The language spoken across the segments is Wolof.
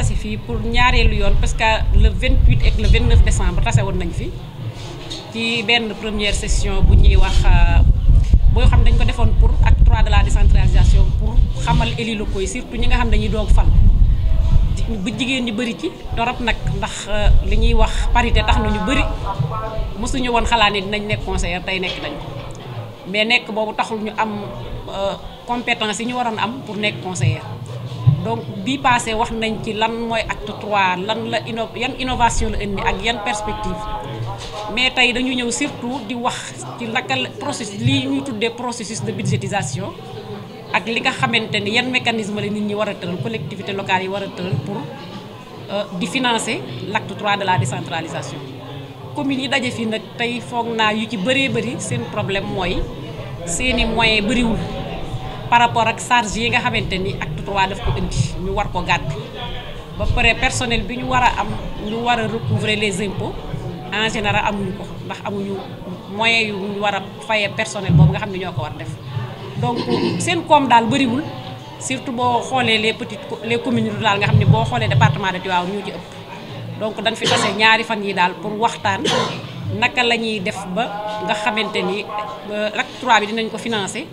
tase fii pour ñaareelu yoon parce que le 28 ak le 29 décembre tase woon nañ fi ci benn première session bu ñuy wax euh, boo xam dañ ko defoon pour acte 3 de la décentralisation pour xamal élus locaux yi surtout ñi nga xam dañuy doog fal bu jigéen ñu bëri ci torop nag ndax euh, li ñuy wax parité tax na ñu bëri mosuñu woon xalaat ne dinañ nekk conseiller tey nekk nañ mais nekk boobu taxul ñu am euh, compétence yi ñu waroon am pour nekk conseiller donc bii passé wax nañ ci lan mooy acte trois lan la inno yan innovation la indi ak yan perspective mais tey dañu ñëw surtout di wax ci naka la processus lii ñuy tuddee processus de budgétisation ak li nga xamante ni yan mécanisme la nit ñi war a tëral collectivité locale yi war a tëral pour euh, di financer l' trois de la décentralisation communes yi daje fii nag tey foog naa yu ci bëree bëri seen problème mooy seeni moyen bëriwul par rapport ak charge yi nga xamante ni acte trois daf ko indi ñu war ko gàddu ba pare personnel bi ñu war a am ñu war a recouvrer les impôts en général amuñu ko ndax amuñu moyen yu ñu war a fayee personnel boobu nga xam ne ñoo ko war def donc seen koom daal bëriwul surtout boo xoolee les petites les communes rurales nga xam ne boo xoolee département de Tivaouane ñoo ci ëpp donc dañ fi tase ñaari fan yi daal pour waxtaan naka la ñuy def ba nga xamante ni acte trois bi dinañ ko financer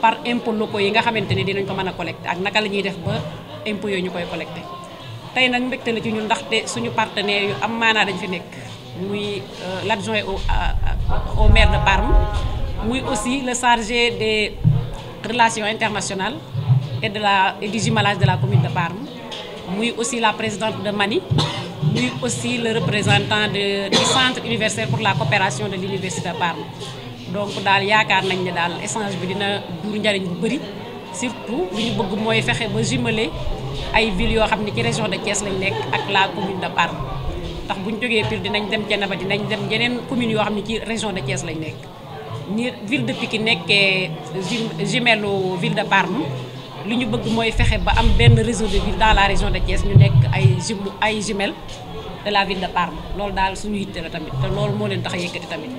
par impôt locaux yi nga xamante ne dinañ ko mën a collecté ak naka la ñuy def ba impôt yooyu ñu koy collecté tey nag mbégte la ci ñun ndax te suñu partenaire yu am maanaa dañ fi nekk muy euh, l'adjoint au au maire de Parme muy aussi le chargé des relations internationales et de la et de la commune de Parme muy aussi la présidente de Mani muy aussi le représentant de du centre universitaire pour la coopération de l'université de Parme donc daal yaakaar nañ ne daal essange bi dina jur njariñ bu bëri surtout li ñu bëgg mooy fexe ba jumeler ay villes yoo xam ne ci région de Thiès lañ nekk ak la commune de Parme ndax bu ñu jógee Pire dinañ dem Thiénaba dinañ dem yeneen communes yoo xam ne ci région de Thiès lañ nekk ni ville de Pikine nekkee jumelu ville de Parme lu ñu bëgg mooy fexe ba am benn réseau de ville dans la région de Thiès ñu nekk ay jum ay jumelles de la ville de Parme loolu daal suñu yitte tamit te loolu moo leen tax a yëkkati tamit.